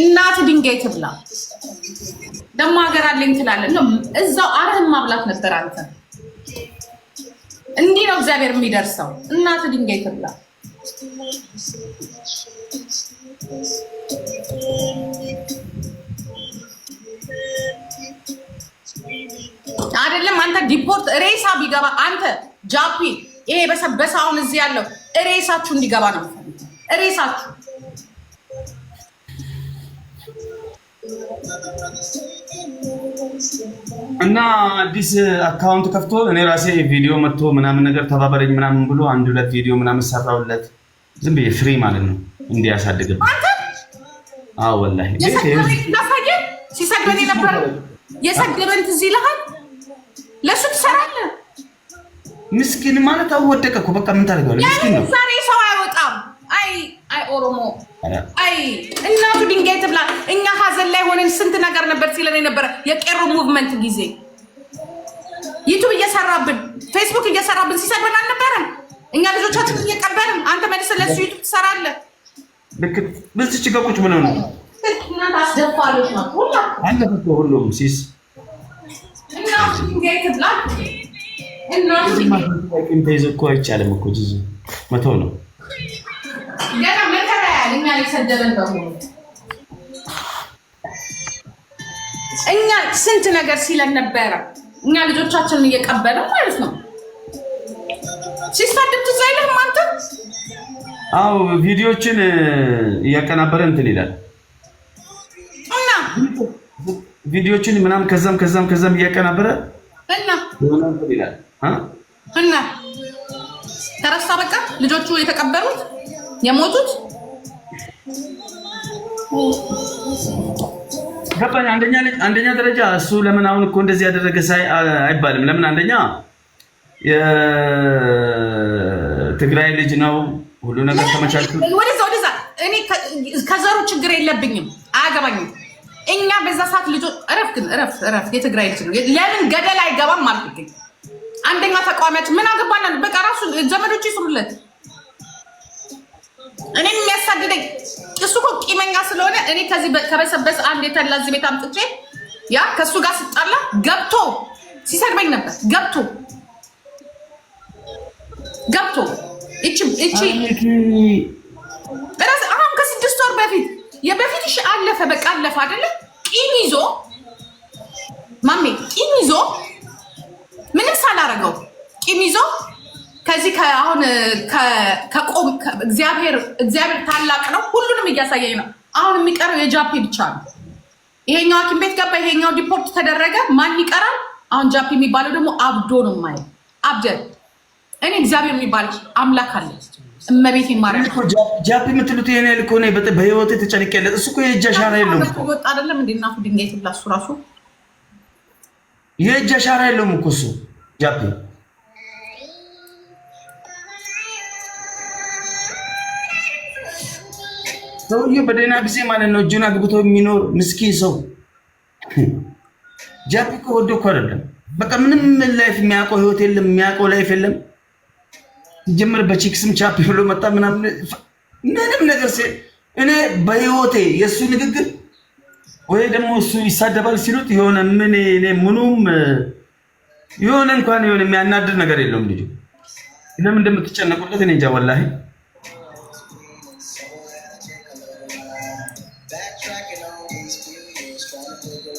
እናት ድንጋይ ትብላ። ደግሞ ሀገር አለኝ ትላለን። እዛው አረህም ማብላት ነበር አንተ። እንዲህ ነው እግዚአብሔር የሚደርሰው። እናት ድንጋይ ትብላ። አይደለም አንተ ዲፖርት ሬሳ ቢገባ አንተ ጃፒ ይሄ በሰበሰ አሁን እዚህ ያለው ሬሳችሁ እንዲገባ ነው ሬሳችሁ እና አዲስ አካውንት ከፍቶ እኔ ራሴ ቪዲዮ መጥቶ ምናምን ነገር ተባበረኝ ምናምን ብሎ አንድ ሁለት ቪዲዮ ምናምን ሰራውለት ዝም ብዬ ፍሪ ማለት ነው እንዲያሳድግም። ወላ ወላሂ ሲሰድበን ነበር። የሰደበን ትዝ ይልሃል። ለሱ ትሰራለ ምስኪን ማለት አወደቀ እኮ በቃ ምን ታደርገዋለህ? ምስኪን ነው ዛሬ ሰው አይወጣም። አይ አይ ኦሮሞ አይ እናቱ ድንጋይ ትብላ። እኛ ሀዘን ላይ ሆነን ስንት ነገር ነበር ሲለን የነበረ የቄሮ ሙቭመንት ጊዜ ዩቱብ እየሰራብን ፌስቡክ እየሰራብን ሲሰድበን አልነበረም። እኛ ልጆቻችን እየቀበልን አንተ መልስ ለሱ ዩቱብ ትሰራለህ። ልክ ብልትች ገቁች ምን ነው አለፈ ሁሉም ሲስ እናቱ ድንጋይ ትብላ። እናቱ ተይዘ እኮ አይቻልም እኮ መተው ነው የሰደበን እኛ ስንት ነገር ሲለን ነበረ። እኛ ልጆቻችንን እየቀበለ ማለት ነው ሲሳደብ ትዝ አይልህም አንተ? አዎ ቪዲዮችን እያቀናበረ እንትን ይላል እና ቪዲዮችን ምናምን ከዛም ከዛም ከዛም እያቀናበረ እና እና ተረሳ። በቃ ልጆቹ የተቀበሩት የሞቱት ገባኝ። አንደኛ አንደኛ ደረጃ እሱ ለምን አሁን እኮ እንደዚህ ያደረገ ሳይ አይባልም። ለምን አንደኛ የትግራይ ልጅ ነው፣ ሁሉ ነገር ተመቻችቶ ወደዛ ወደዛ። እኔ ከዘሩ ችግር የለብኝም፣ አያገባኝም። እኛ በዛ ሰዓት ልጆ እረፍ፣ ግን እረፍ፣ እረፍ። የትግራይ ልጅ ነው፣ ለምን ገደል አይገባም አልኩኝ። አንደኛ ተቃዋሚያችን ምን አገባና በቃ ራሱ ዘመዶች ይስሩለት። እኔ የሚያሳድደኝ እኔ ከዚህ ከበሰበሰ አንድ የተላ እዚህ ቤት አምጥቼ ያ ከእሱ ጋር ስጣላ ገብቶ ሲሰድበኝ ነበር። ገብቶ ገብቶ እቺ እቺ አሁን ከስድስት ወር በፊት የበፊት እሺ አለፈ፣ በቃ አለፈ አይደለ? ቂም ይዞ ማሜ ቂም ይዞ ምንም ሳላረገው ቂም ይዞ ከዚህ ከአሁን ከቆም እግዚአብሔር እግዚአብሔር ታላቅ ነው። ሁሉንም እያሳየኝ ነው። አሁን የሚቀረው የጃፔ ብቻ ነው። ይሄኛው ሐኪም ቤት ገባ፣ ይሄኛው ዲፖርት ተደረገ። ማን ይቀራል? አሁን ጃፔ የሚባለው ደግሞ አብዶ ነው የማየው። አብደል እኔ እግዚአብሔር የሚባል አምላክ አለ። እመቤት ጃፒ የምትሉት ይሄን ያህል እኮ በህይወት የተጨነቅ ያለ እሱ እኮ የእጅ አሻራ የለውም ወጣ አይደለም እንደ እናቱ ድንጋይ ትብላ እሱ ራሱ የእጅ አሻራ የለውም እኮ እሱ ጃፒ ሰውዬው በደህና ጊዜ ማለት ነው እጁን አግብቶ የሚኖር ምስኪን ሰው ጃፒ እኮ ወዶ እኮ አይደለም። በቃ ምንም ላይፍ የሚያውቀው ህይወት የለም፣ የሚያውቀው ላይፍ የለም። ሲጀምር በቺክስም ቻፒ ብሎ መጣ ምናምን ምንም ነገር እኔ በህይወቴ የእሱ ንግግር ወይ ደግሞ እሱ ይሳደባል ሲሉት የሆነ ምን እኔ ምኑም የሆነ እንኳን የሆነ የሚያናድድ ነገር የለውም። ልጁ ለምን እንደምትጨነቁለት እኔ እንጃ ወላሂ።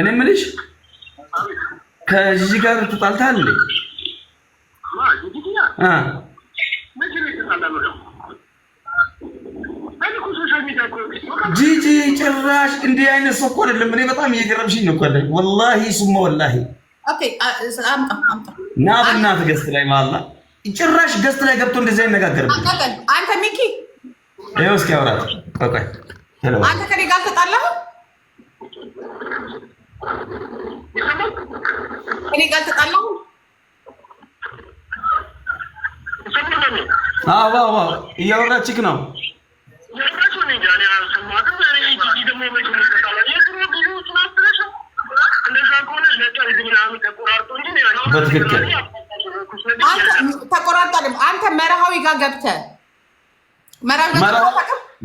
እኔ የምልሽ ከጂጂ ጋር ተጣልተሃል እንዴ? ጂጂ ጭራሽ እንዲህ አይነት ሰው እኮ አይደለም። እኔ በጣም እየገረምሽኝ ነው። ኮለ ወላሂ ሱማ ወላሂ ና በእናትህ ገስት ላይ ማላ ጭራሽ ገስት ላይ ገብቶ እንደዚህ አይነጋገርም። አንተ ሚኪ ይኸው እስኪ አውራት ቆይ አንተ ከኔ ጋር ተጣላህ እኔ ጋር ተጣላሁ። እያወራችክ ነው። በትክክል ተቆራርጧል። አንተ መርሃዊ ጋር ገብተህ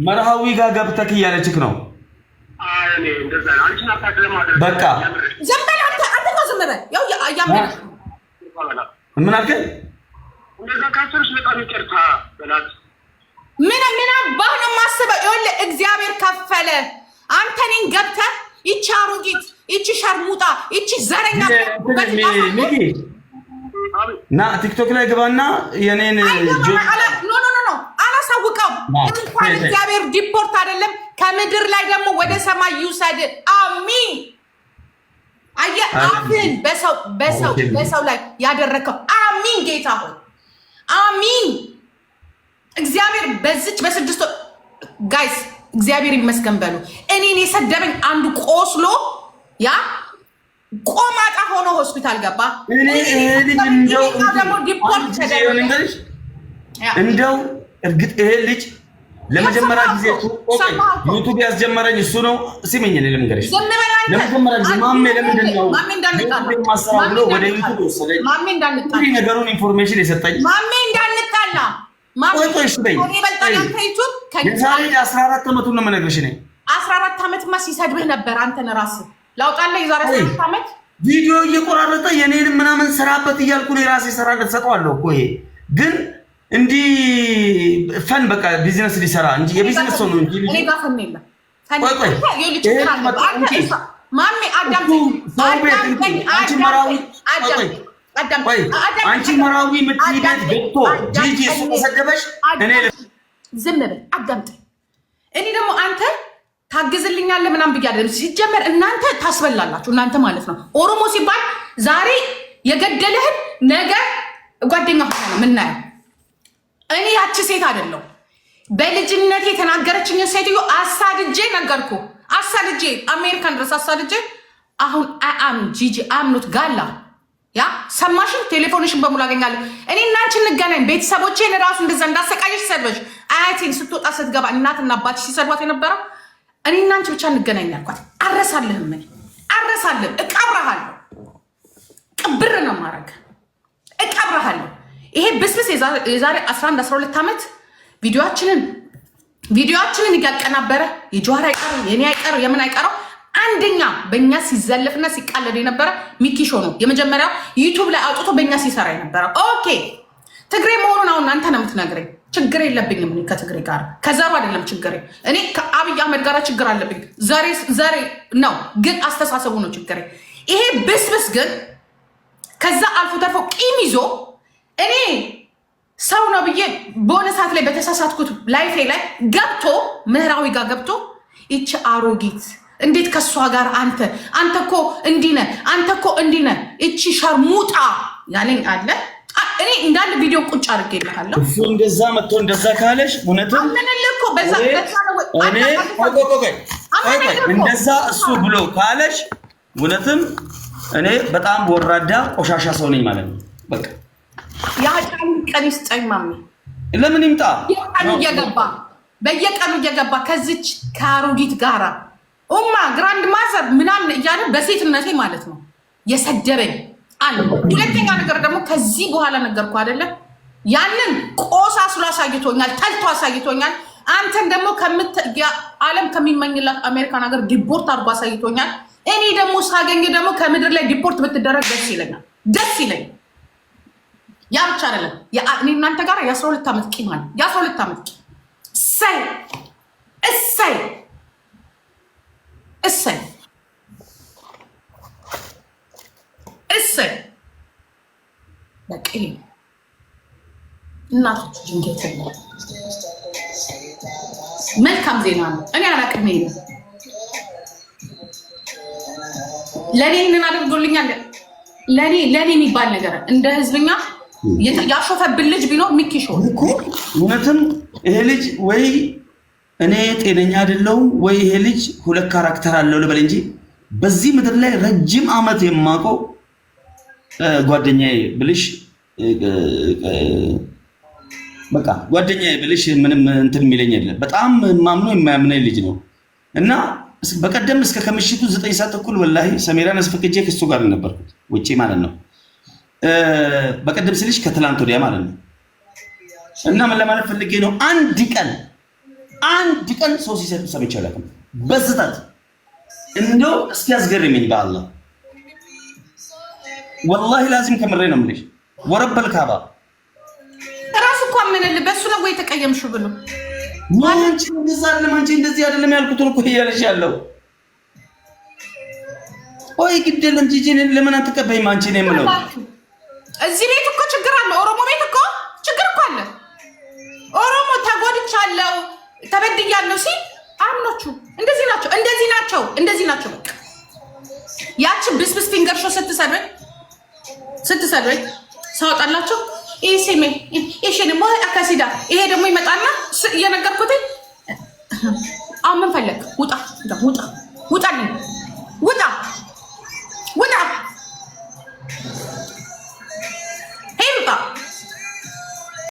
መርሃዊ ጋር ገብተህ እያለችክ ነው በቃ ዝም በል አንተ አንተ ምን አልከኝ? ምን ምን አባህ ነው የማስበው? ይኸውልህ እግዚአብሔር ከፈለ አንተ እኔን ገብተህ ይቺ አሮጊት፣ ይቺ ሸርሙጣ፣ ይቺ ዘረኛ ቲክቶክ ላይ ግባና የኔን እንኳን እግዚአብሔር ዲፖርት አይደለም ከምድር ላይ ደግሞ ወደ ሰማይ ይውሰድ። አሚን። አየ አፍን በሰው በሰው በሰው ላይ ያደረከው አሚን። ጌታ ሆይ አሚን። እግዚአብሔር በዚች በስድስት ጋይስ እግዚአብሔር ይመስገን በሉ። እኔን የሰደበኝ አንዱ ቆስሎ ያ ቆማጣ ሆኖ ሆስፒታል ገባ። ደግሞ ዲፖርት ተደረገ። እንደው እርግጥ ይሄ ልጅ ለመጀመሪያ ጊዜ ዩቱብ ያስጀመረኝ እሱ ነው። ስሚኝ፣ እኔ ልንገርሽ፣ ለመጀመሪያ ጊዜ ማሜ ለምንድን ነው ማሰራ ብሎ ወደ ዩቱብ ወሰደኝ። ነገሩን ኢንፎርሜሽን የሰጠኝ ማሜ እንዳንጣላ የዛሬ አስራ አራት ዓመቱን ነው የምነግርሽ። እኔ አስራ አራት ዓመትማ ሲሰድብህ ነበር። አንተን እራስህ ላውጣለህ የዛሬ አስራ አራት ዓመት ቪዲዮ እየቆራረጠ የኔንም ምናምን ስራበት እያልኩ እኔ ራሴ ሰራለት ሰጠዋለሁ እኮ ይሄ ግን እንዲህ ፈን በቃ ቢዝነስ ሊሰራ እንጂ የቢዝነስ ሰው ነው እንጂ እኔ ጋር ፈን አንቺ መራዊ የምትሄደት ገብቶ ጂጂ እሱ ተሰደበሽ። እኔ ዝም በል አዳምጥ። እኔ ደግሞ አንተ ታግዝልኛለህ ምናምን ብዬ አይደለም። ሲጀመር እናንተ ታስበላላችሁ፣ እናንተ ማለት ነው። ኦሮሞ ሲባል ዛሬ የገደለህን ነገ ጓደኛ ሆነ ምናየው እኔ ያቺ ሴት አይደለሁ። በልጅነት የተናገረችኝ ሴትዮ አሳድጄ ነገርኩ። አሳድጄ አሜሪካን ድረስ አሳድጄ አሁን አም ጂጂ አምኖት ጋላ ያ ሰማሽን፣ ቴሌፎንሽን በሙሉ አገኛለሁ። እኔ እናንቺ እንገናኝ። ቤተሰቦቼን ራሱ እንደዛ እንዳሰቃየሽ ሰድበሽ፣ አያቴን ስትወጣ ስትገባ እናትና አባትሽ ሲሰድቧት የነበረ እኔ እናንቺ ብቻ እንገናኝ ያልኳት። አረሳልህም፣ ምን አረሳልህም፣ እቀብረሃለሁ። ቅብር ነው ማድረግ፣ እቀብረሃለሁ ይሄ ብስብስ የዛሬ 11 12 ዓመት ቪዲዮችንን ቪዲዮችንን እያቀናበረ የጀዋር አይቀር የኔ አይቀር የምን አይቀረው አንደኛ በእኛ ሲዘለፍና ሲቃለድ የነበረ ሚኪሾ ነው። የመጀመሪያው ዩቱብ ላይ አውጥቶ በእኛ ሲሰራ የነበረ ኦኬ። ትግሬ መሆኑን አሁን አንተ ነው የምትነግረኝ። ችግር የለብኝም ከትግሬ ጋር ከዘሩ አይደለም ችግሬ። እኔ ከአብይ አህመድ ጋር ችግር አለብኝ ዘሬ ነው፣ ግን አስተሳሰቡ ነው ችግሬ። ይሄ ብስብስ ግን ከዛ አልፎ ተርፎ ቂም ይዞ እኔ ሰው ነው ብዬ በሆነ ሰዓት ላይ በተሳሳትኩት ላይፌ ላይ ገብቶ ምህራዊ ጋር ገብቶ ይቺ አሮጊት እንዴት ከእሷ ጋር አንተ አንተ ኮ እንዲነ አንተ ኮ እንዲነ ነህ፣ እቺ ሸርሙጣ ያለኝ አለ። እኔ እንዳንድ ቪዲዮ ቁጭ አድርጌ ይልሃለሁ። እሱ እንደዛ መጥቶ እንደዛ ካለሽ እውነትም እንደዛ እሱ ብሎ ካለሽ እውነትም እኔ በጣም ወራዳ ቆሻሻ ሰው ነኝ ማለት ነው በቃ የሀጫሉ ቀን ይስጠኝ ማሚ። ለምን ይምጣ? ቀኑ እየገባ በየቀኑ እየገባ ከዚች ከአሮጊት ጋራ ኡማ ግራንድ ማዘር ምናምን እያለ በሴትነቴ ማለት ነው የሰደበኝ አለ። ሁለተኛ ነገር ደግሞ ከዚህ በኋላ ነገርኩ አይደለም ያንን ቆሳ ስሎ አሳይቶኛል፣ ተልቶ አሳይቶኛል። አንተን ደግሞ ዓለም ከሚመኝላት አሜሪካን ሀገር ዲፖርት አድርጎ አሳይቶኛል። እኔ ደግሞ ሳገኝ ደግሞ ከምድር ላይ ዲፖርት ብትደረግ ደስ ይለኛል፣ ደስ ይለኛል። ያ ብቻ አይደለም። እናንተ ጋር የአስራ 12 ዓመት ቂም አለ። የ የ12 ዓመት እሰይ እሰይ እሰይ እሰይ እናቶች ጅንጌት መልካም ዜና ነው። እኔ አላቅም ነው ለእኔ ይህንን አድርጎልኛል። ለእኔ ለእኔ የሚባል ነገር እንደ ህዝብኛ ያሾፈብን ልጅ ቢኖር ሚኪሾ እውነትም ይሄ ልጅ ወይ እኔ ጤነኛ አይደለሁም ወይ ይሄ ልጅ ሁለት ካራክተር አለው ልበል እንጂ በዚህ ምድር ላይ ረጅም ዓመት የማውቀው ጓደኛዬ ብልሽ በቃ ጓደኛዬ ብልሽ ምንም እንትን የሚለኝ የለም። በጣም ማምኖ የማያምነኝ ልጅ ነው እና በቀደም እስከ ከምሽቱ ዘጠኝ ሰዓት እኩል ወላሂ ሰሜራን አስፈቅጄ ክሱ ጋር ነበርኩት ውጭ ማለት ነው። በቀደም ስልሽ ከትላንት ወዲያ ማለት ነው። እና ምን ለማለት ፈልጌ ነው፣ አንድ ቀን አንድ ቀን ሰው ሲሰጥ ሰምቼ አላውቅም። በስተት እንደው እስኪ ያስገርመኝ በአላህ ወላሂ ላዚም ከምሬ ነው የምልሽ። ወረበል ካባ ራሱ እኮ አመነልህ በእሱ ነው ወይ ተቀየምሽው ብሎ ማንቺ እንደዛ አይደለም፣ አንቺ እንደዚህ አይደለም ያልኩትን እኮ እያለሽ ያለው ወይ ግድ የለም ጂጂን ለምን አትቀበይም አንቺ ነው የምለው እዚህ ቤት እኮ ችግር አለ። ኦሮሞ ቤት እኮ ችግር እኮ አለ። ኦሮሞ ተጎድቻለሁ፣ ተበድያለሁ ሲል አምኖቹ እንደዚህ ናቸው፣ እንደዚህ ናቸው፣ እንደዚህ ናቸው። ያቺ ብስብስ ፊንገር ሾ ስትሰድበኝ ስትሰድበኝ ሳወጣላቸው ይሄ ሴሜ ይሄ ደግሞ አካሲዳ ይሄ ደግሞ ይመጣና እየነገርኩትኝ አሁን ምን ፈለግ ውጣ ውጣ ውጣ ውጣ ውጣ